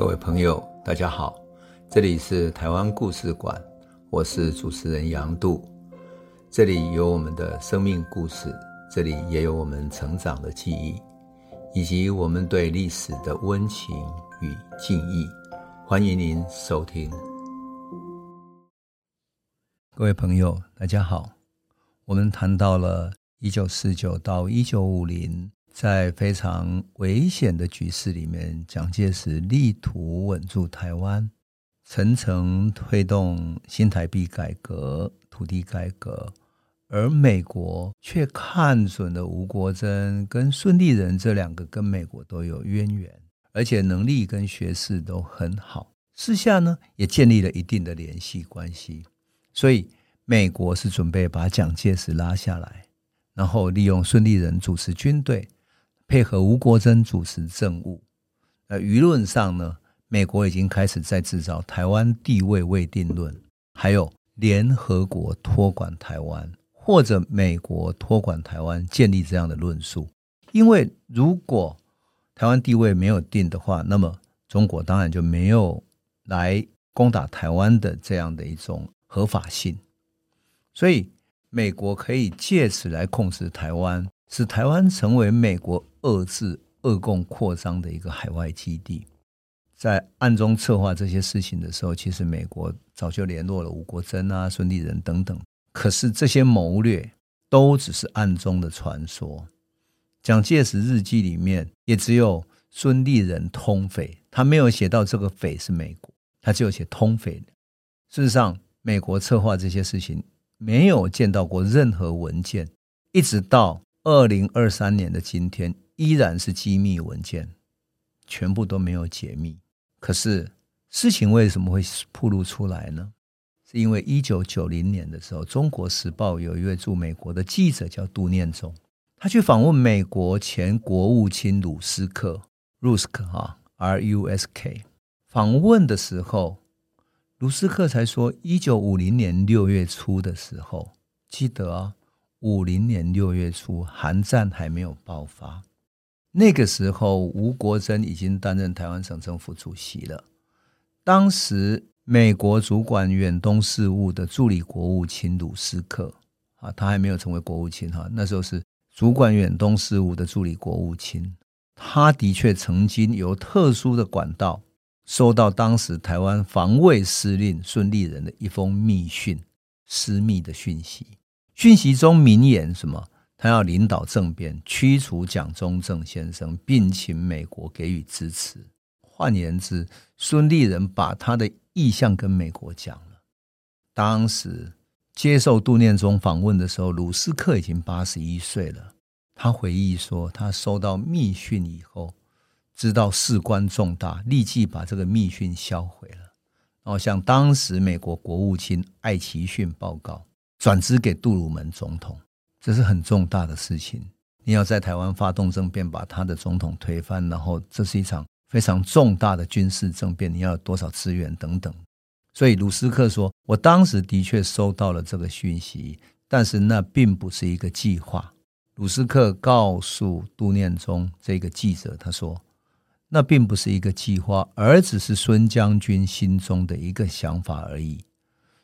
各位朋友，大家好，這裡是台灣故事館，我是主持人楊渡，這裡有我們的生命故事，這裡也有我們成長的記憶，以及我們對歷史的溫情與敬意。歡迎您收聽。各位朋友，大家好，我們談到了一九四九到一九五零。在非常危險的局勢裡面，蔣介石力圖穩住台灣，層層推動新台幣改革、土地改革，而美國卻看準了吳國楨跟孫立人這兩個跟美國都有淵源，而且能力跟學識都很好，私下呢也建立了一定的聯繫關係，所以美國是準備把蔣介石拉下來，然後利用孫立人主持軍隊。配合吳國楨主持政務，而輿論上呢，美國已經開始在製造“台灣地位未定論”，還有聯合國托管台灣或者美國托管台灣建立這樣的論述。因為如果台灣地位沒有定的話，那麼中國當然就沒有來攻打台灣的這樣的一種合法性，所以美國可以借此來控制台灣，使台灣成為美國，遏制俄共擴張的一個海外基地。在暗中策劃這些事情的時候，其實美國早就聯絡了吳國楨啊、孫立人等等。可是這些謀略都只是暗中的傳說。蔣介石日記裡面也只有孫立人通匪，他沒有寫到這個匪是美國，他只有寫通匪。事實上，美國策劃這些事情，沒有見到過任何文件，一直到二零二三年的今天，依然是機密文件，全部都沒有解密。可是事情為什麼會暴露出來呢？是因為一九九零年的時候，《中國時報》有一位駐美國的記者叫杜念中，他去訪問美國前國務卿魯斯克 （Rusk），哈，R U S K。訪問的時候，魯斯克才說，一九五零年六月初的時候，記得啊，五零年六月初，韓戰還沒有爆發。那個時候，吳國楨已經擔任台灣省政府主席了。當時，美國主管遠東事務的助理國務卿魯斯克啊，他還沒有成為國務卿哈，那時候是主管遠東事務的助理國務卿。他的確曾經由特殊的管道收到當時台灣防衛司令孫立人的一封密訊，私密的訊息。訊息中明言什麼？他要領導政變，驅除蔣中正先生，並請美國給予支持。換言之，孫立人把他的意向跟美國講了。當時接受杜念中訪問的時候，魯斯克已經八十一歲了。他回憶說，他收到密訊以後，知道事關重大，立即把這個密訊銷毀了。然後向當時美國國務卿艾奇遜報告，轉知給杜魯門總統。這是很重大的事情，你要在台灣發動政變，把他的總統推翻，然後這是一場非常重大的軍事政變，你要有多少資源等等。所以魯斯克說，我當時的確收到了這個訊息，但是那並不是一個計劃。魯斯克告訴杜念中這個記者，他說那並不是一個計劃，而只是孫將軍心中的一個想法而已。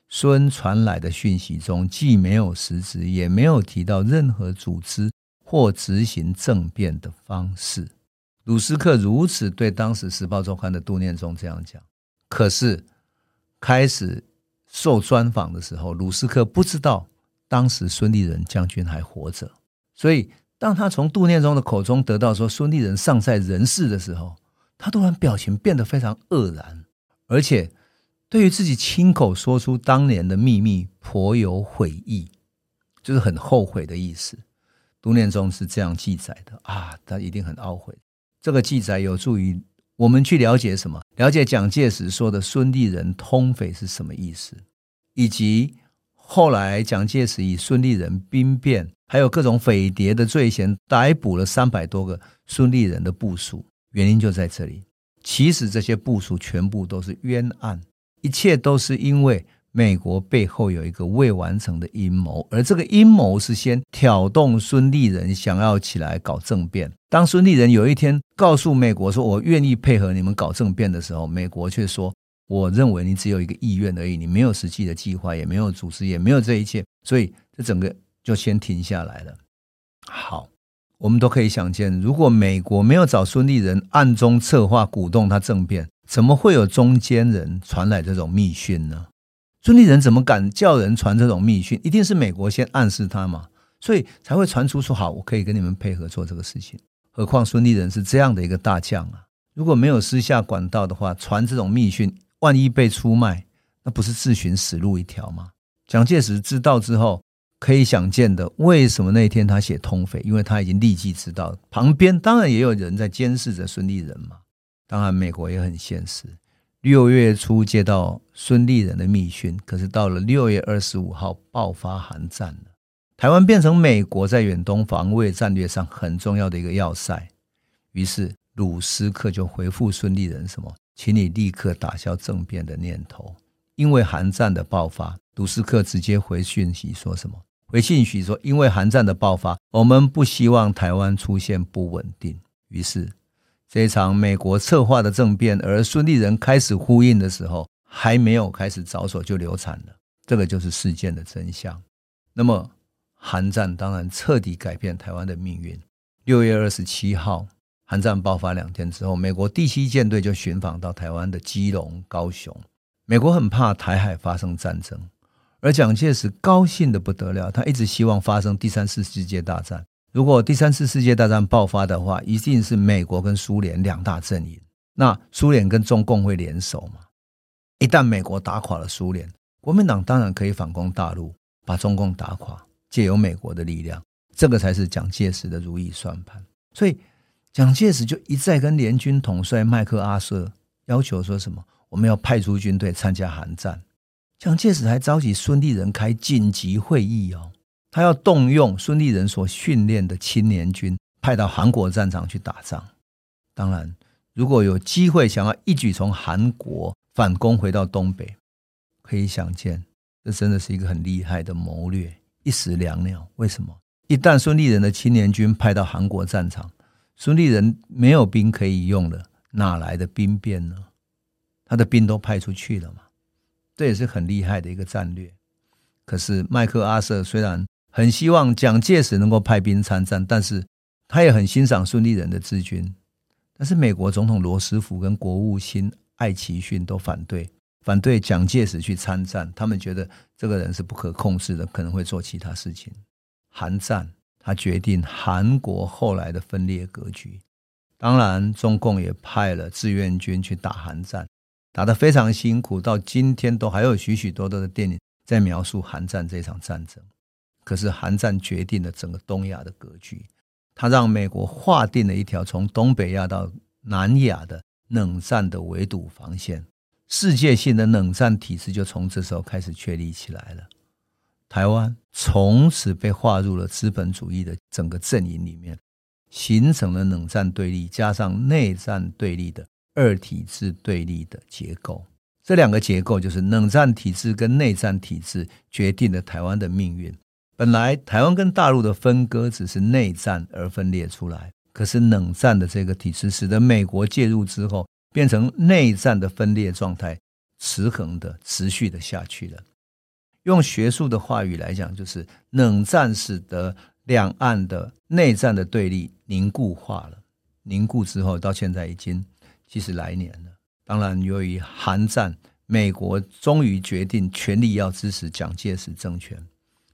孫傳來的訊息中，既沒有實質，也沒有提到任何組織或執行政變的方式。魯斯克如此對當時《時報週刊》的杜念中這樣講。可是，開始受專訪的時候，魯斯克不知道當時孫立人將軍還活着，所以當他從杜念中的口中得到說孫立人尚在人世的時候，他突然表情變得非常愕然，而且，對於自己親口說出當年的秘密，頗有悔意，就是很後悔的意思。杜念中是這樣記載的啊，他一定很懊悔。這個記載有助於我們去了解什麼？了解蔣介石說的孫立人通匪是什麼意思，以及後來蔣介石以孫立人兵變還有各種匪諜的罪嫌，逮捕了三百多個孫立人的部屬。原因就在這裡。其實這些部屬全部都是冤案。一切都是因為美國背後有一個未完成的陰謀，而這個陰謀是先挑動孫立人想要起來搞政變。當孫立人有一天告訴美國說“我願意配合你們搞政變”的時候，美國卻說：“我認為你只有一個意願而已，你沒有實際的計劃，也沒有組織，也沒有這一切，所以這整個就先停下來了。”好，我們都可以想見，如果美國沒有找孫立人暗中策劃鼓動他政變。怎麼會有中間人傳來這種密訊呢？孫立人怎麼敢叫人傳這種密訊？一定是美國先暗示他嘛，所以才會傳出說好，我可以跟你們配合做這個事情。何況孫立人是這樣的一個大將啊，如果沒有私下管道的話，傳這種密訊，萬一被出賣，那不是自尋死路一條嗎？蔣介石知道之後，可以想見的，為什麼那天他寫通匪？因為他已經立即知道，旁邊當然也有人在監視着孫立人嘛。當然，美國也很現實。六月初接到孫立人的密訊，可是到了六月二十五號，爆發韓戰了。台灣變成美國在遠東防衛戰略上很重要的一個要塞。於是，魯斯克就回復孫立人什麼：“請你立刻打消政變的念頭。”因為韓戰的爆發，魯斯克直接回訊息說什麼：“回訊息說，因為韓戰的爆發，我們不希望台灣出現不穩定。”於是。這一場美國策劃的政變，而孫立人開始呼應的時候，還沒有開始着手就流產了。這個就是事件的真相。那麼，韓戰當然徹底改變台灣的命運。六月二十七號，韓戰爆發兩天之後，美國第七艦隊就巡防到台灣的基隆、高雄。美國很怕台海發生戰爭，而蔣介石高興得不得了，他一直希望發生第三次世界大戰。如果第三次世界大戰爆發的話，一定是美國跟蘇聯兩大陣營。那蘇聯跟中共會聯手嗎？一旦美國打垮了蘇聯，國民黨當然可以反攻大陸，把中共打垮，借由美國的力量，這個才是蔣介石的如意算盤。所以，蔣介石就一再跟聯軍統帥麥克阿瑟要求說什麼：我們要派出軍隊參加韓戰。蔣介石還召集孫立人開緊急會議哦。他要動用孫立人所訓練的青年軍派到韓國戰場去打仗。當然，如果有機會想要一舉從韓國反攻回到東北，可以想見，這真的是一個很厲害的謀略，一石兩鳥。為什麼？一旦孫立人的青年軍派到韓國戰場，孫立人沒有兵可以用了，哪來的兵變呢？他的兵都派出去了嘛。這也是很厲害的一個戰略。可是麥克阿瑟雖然。很希望蔣介石能夠派兵參戰，但是他也很欣賞孫立人的治軍。但是美國總統羅斯福跟國務卿艾奇遜都反對，反對蔣介石去參戰。他們覺得這個人是不可控制的，可能會做其他事情。韓戰，他決定韓國後來的分裂格局。當然，中共也派了志願軍去打韓戰，打得非常辛苦。到今天都還有許許多多的電影在描述韓戰這場戰爭。可是，韓戰決定了整個東亞的格局。它讓美國劃定了一條從東北亞到南亞的冷戰的圍堵防線。世界性的冷戰體制就從這時候開始確立起來了。台灣從此被劃入了資本主義的整個陣營裡面，形成了冷戰對立，加上內戰對立的二體制對立的結構。這兩個結構就是冷戰體制跟內戰體制，決定了台灣的命運。本來台灣跟大陸的分割只是內戰而分裂出來，可是冷戰的這個體制使得美國介入之後，變成內戰的分裂狀態，持恆的持續的下去了。用學術的話語來講，就是冷戰使得兩岸的內戰的對立凝固化了，凝固之後到現在已經七十來年了。當然，由於韓戰，美國終於決定全力要支持蔣介石政權。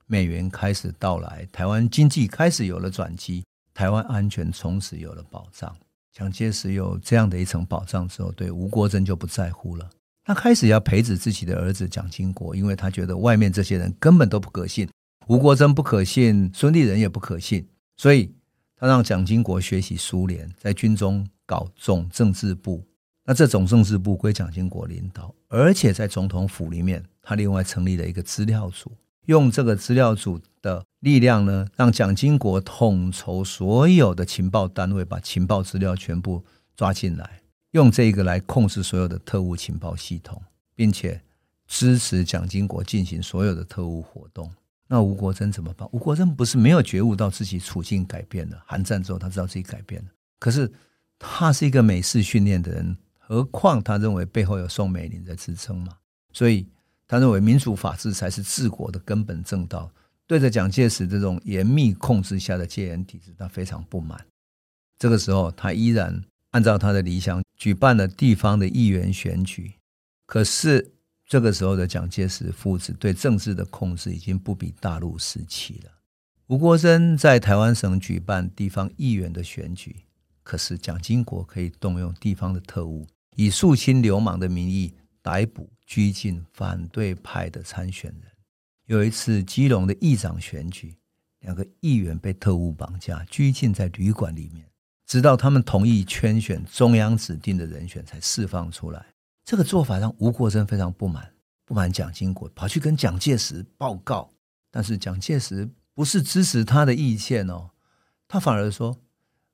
美元開始到來，台灣經濟開始有了轉機，台灣安全從此有了保障。蔣介石有這樣的一層保障之後，對吳國楨就不在乎了。他開始要培植自己的兒子蔣經國，因為他覺得外面這些人根本都不可信，吳國楨不可信，孫立人也不可信，所以他讓蔣經國學習蘇聯，在軍中搞總政治部。那這總政治部歸蔣經國領導，而且在總統府裡面，他另外成立了一個資料組。用這個資料組的力量呢，讓蔣經國統籌所有的情報單位，把情報資料全部抓進來，用這個來控制所有的特務情報系統，並且支持蔣經國進行所有的特務活動。那吳國楨怎麼辦？吳國楨不是沒有覺悟到自己處境改變了，韓戰之後，他知道自己改變了。可是他是一個美式訓練的人，何況他認為背後有宋美齡在支撐嘛，所以。他認為民主法治才是治國的根本正道，對着蔣介石這種嚴密控制下的戒嚴體制，他非常不滿。這個時候，他依然按照他的理想舉辦了地方的議員選舉。可是，這個時候的蔣介石父子對政治的控制已經不比大陸時期了。吳國禎在台灣省舉辦地方議員的選舉，可是蔣經國可以動用地方的特務，以肅清流氓的名義逮捕。拘禁反對派的參選人。有一次，基隆的議長選舉，兩個議員被特務綁架拘禁在旅館裡面，直到他們同意圈選中央指定的人選，才釋放出來。這個做法讓吳國楨非常不滿，不滿蔣經國跑去跟蔣介石報告，但是蔣介石不是支持他的意見哦，他反而說：“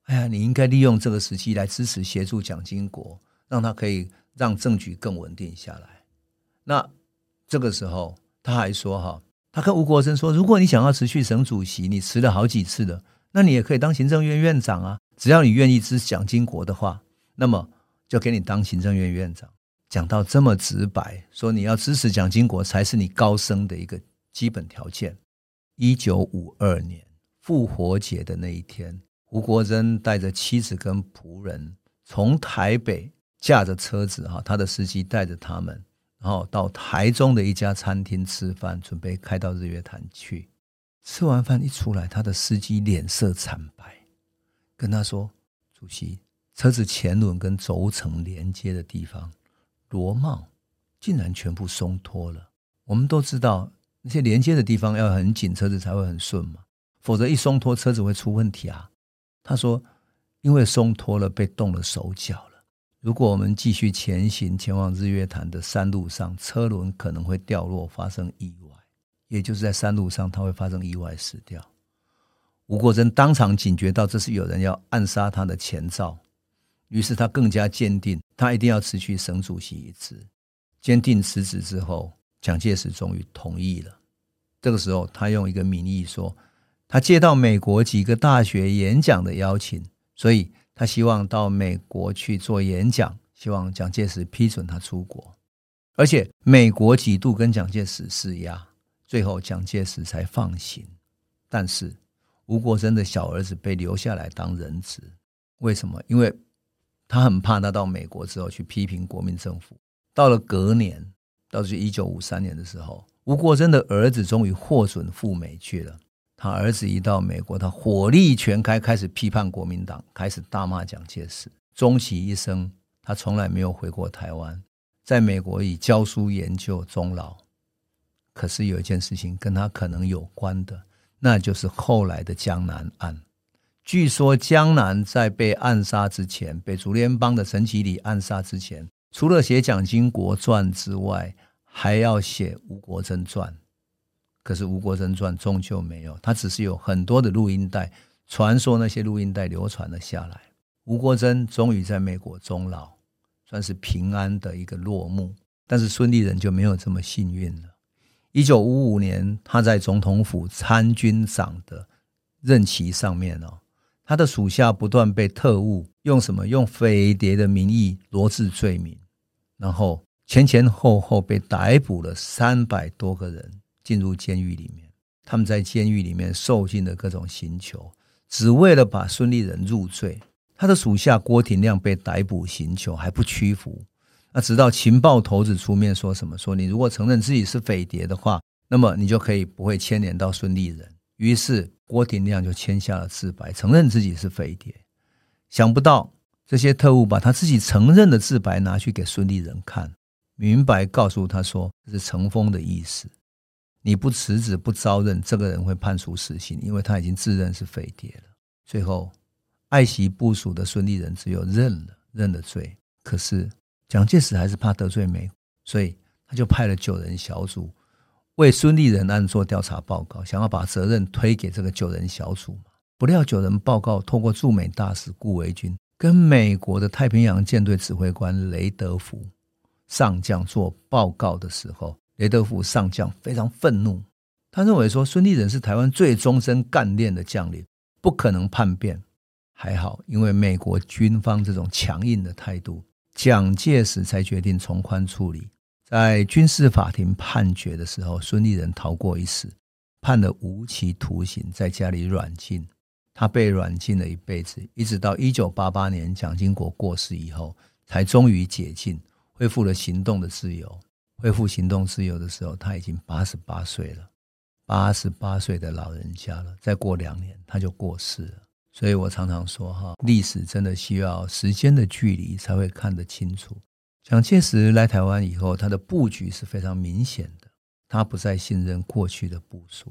哎呀，你應該利用這個時期來支持協助蔣經國，讓他可以讓政局更穩定下來。”那這個時候，他還說哈，他跟吳國楨說，如果你想要辭去省主席，你辭了好幾次的，那你也可以當行政院院長啊，只要你願意支持蔣經國的話，那麼就給你當行政院院長。講到這麼直白，說你要支持蔣經國才是你高升的一個基本條件。一九五二年復活節的那一天，吳國楨帶着妻子跟僕人從台北駕着車子哈，他的司機帶着他們。然後到台中的一家餐廳吃飯，準備開到日月潭去。吃完飯一出來，他的司機臉色慘白，跟他說：“主席，車子前輪跟軸承連接的地方螺帽竟然全部鬆脫了。我們都知道那些連接的地方要很緊，車子才會很順嘛，否則一鬆脫，車子會出問題啊。”他說：“因為鬆脫了，被動了手腳。”如果我們繼續前行，前往日月潭的山路上，車輪可能會掉落，發生意外，也就是在山路上，他會發生意外死掉。吳國楨當場警覺到這是有人要暗殺他的前兆，於是他更加堅定，他一定要辭去省主席一職。堅定辭職之後，蔣介石終於同意了。這個時候，他用一個名義說，他接到美國幾個大學演講的邀請，所以，他希望到美國去做演講，希望蔣介石批准他出國，而且美國幾度跟蔣介石施壓，最後蔣介石才放行。但是吳國楨的小兒子被留下來當人質，為什麼？因為，他很怕他到美國之後去批評國民政府。到了隔年，到了一九五三年的時候，吳國楨的兒子終於獲准赴美去了。他兒子一到美國，他火力全開，開始批判國民黨，開始大罵蔣介石。終其一生，他從來沒有回過台灣，在美國以教書研究終老。可是有一件事情跟他可能有關的，那就是後來的江南案。據說江南在被暗殺之前，被竹聯幫的陳啟禮暗殺之前，除了寫蔣經國傳之外，還要寫吳國楨傳。可是吳國楨傳終究沒有，他只是有很多的錄音帶，傳說那些錄音帶流傳了下來。吳國楨終於在美國終老，算是平安的一個落幕。但是孫立人就沒有這麼幸運了。一九五五年，他在總統府參軍長的任期上面哦，他的屬下不斷被特務用什麼用匪諜的名義羅織罪名，然後前前後後被逮捕了三百多個人。進入監獄裡面，他們在監獄裡面受盡了各種刑求，只為了把孫立人入罪。他的屬下郭廷亮被逮捕刑求，還不屈服。那直到情報頭子出面說什麼：“說你如果承認自己是匪諜的話，那麼你就可以不會牽連到孫立人。”於是郭廷亮就簽下了自白，承認自己是匪諜。想不到這些特務把他自己承認的自白拿去給孫立人看，明白告訴他，說這是成風的意思。你不辭職不招認，這個人會判處死刑，因為他已經自認是匪諜了。最後，愛惜部屬的孫立人只有認了，認了罪。可是蔣介石還是怕得罪美，所以他就派了九人小組為孫立人案做調查報告，想要把責任推給這個九人小組嘛。不料九人報告透過駐美大使顧維鈞跟美國的太平洋艦隊指揮官雷德福上將做報告的時候。雷德福上將非常憤怒，他認為說孫立人是台灣最忠貞幹練的將領，不可能叛變。還好，因為美國軍方這種強硬的態度，蔣介石才決定從寬處理。在軍事法庭判決的時候，孫立人逃過一死，判了無期徒刑，在家裡軟禁。他被軟禁了一輩子，一直到一九八八年蔣經國過世以後，才終於解禁，恢復了行動的自由。恢復行動自由的時候，他已經八十八歲了，八十八歲的老人家了。再過兩年，他就過世了。所以我常常說，哈，歷史真的需要時間的距離才會看得清楚。蔣介石來台灣以後，他的布局是非常明顯的。他不再信任過去的部屬，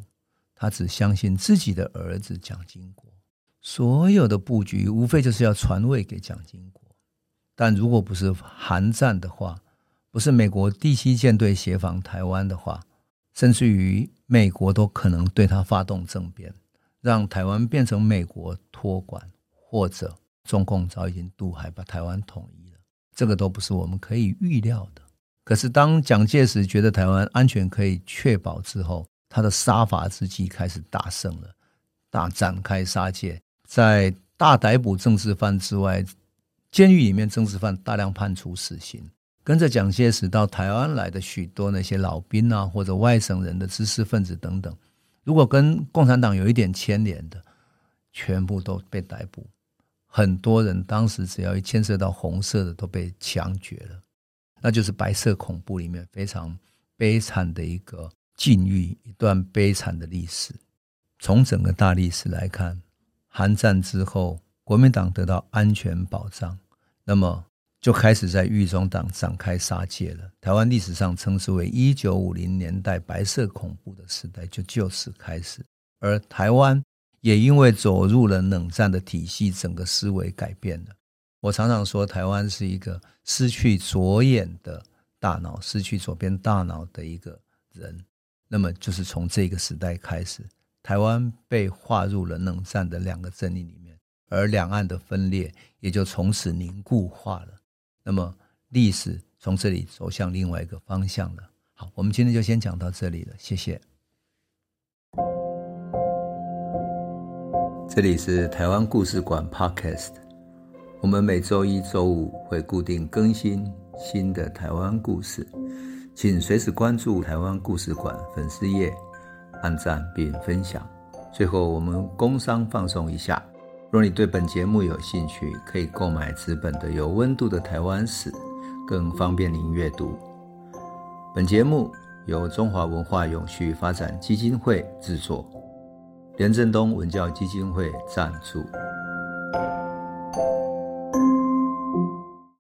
他只相信自己的兒子蔣經國。所有的布局，無非就是要傳位給蔣經國。但如果不是韓戰的話，不是美國第七艦隊協防台灣的話，甚至於美國都可能對他發動政變，讓台灣變成美國托管，或者中共早已經渡海把台灣統一了，這個都不是我們可以預料的。可是當蔣介石覺得台灣安全可以確保之後，他的殺伐之計開始大盛了，大展開殺戒，在大逮捕政治犯之外，監獄裡面政治犯大量判處死刑。跟着蔣介石到台灣來的許多那些老兵啊，或者外省人的知識分子等等，如果跟共產黨有一點牽連的，全部都被逮捕。很多人當時只要一牽涉到紅色的，都被槍決了。那就是白色恐怖裡面非常悲慘的一個境遇，一段悲慘的歷史。從整個大歷史來看，韓戰之後，國民黨得到安全保障，那麼。就開始在獄中黨展開殺戒了。台灣歷史上稱之為一九五零年代白色恐怖的時代就就此開始，而台灣也因為走入了冷戰的體系，整個思維改變了。我常常說，台灣是一個失去左眼的大腦，失去左邊大腦的一個人。那麼就是從這個時代開始，台灣被劃入了冷戰的兩個陣營裡面，而兩岸的分裂也就從此凝固化了。那麼歷史從這裡走向另外一個方向了。好，我們今天就先講到這裡了，謝謝。這裡是台灣故事館 Podcast，我們每周一周五會固定更新新的台灣故事，請隨時關注台灣故事館粉絲頁，按讚並分享。最後，我們工商放送一下。若你對本節目有興趣，可以購買紙本的《有溫度的台灣史》，更方便您閱讀。本節目由中華文化永續發展基金會制作，連震東文教基金會贊助。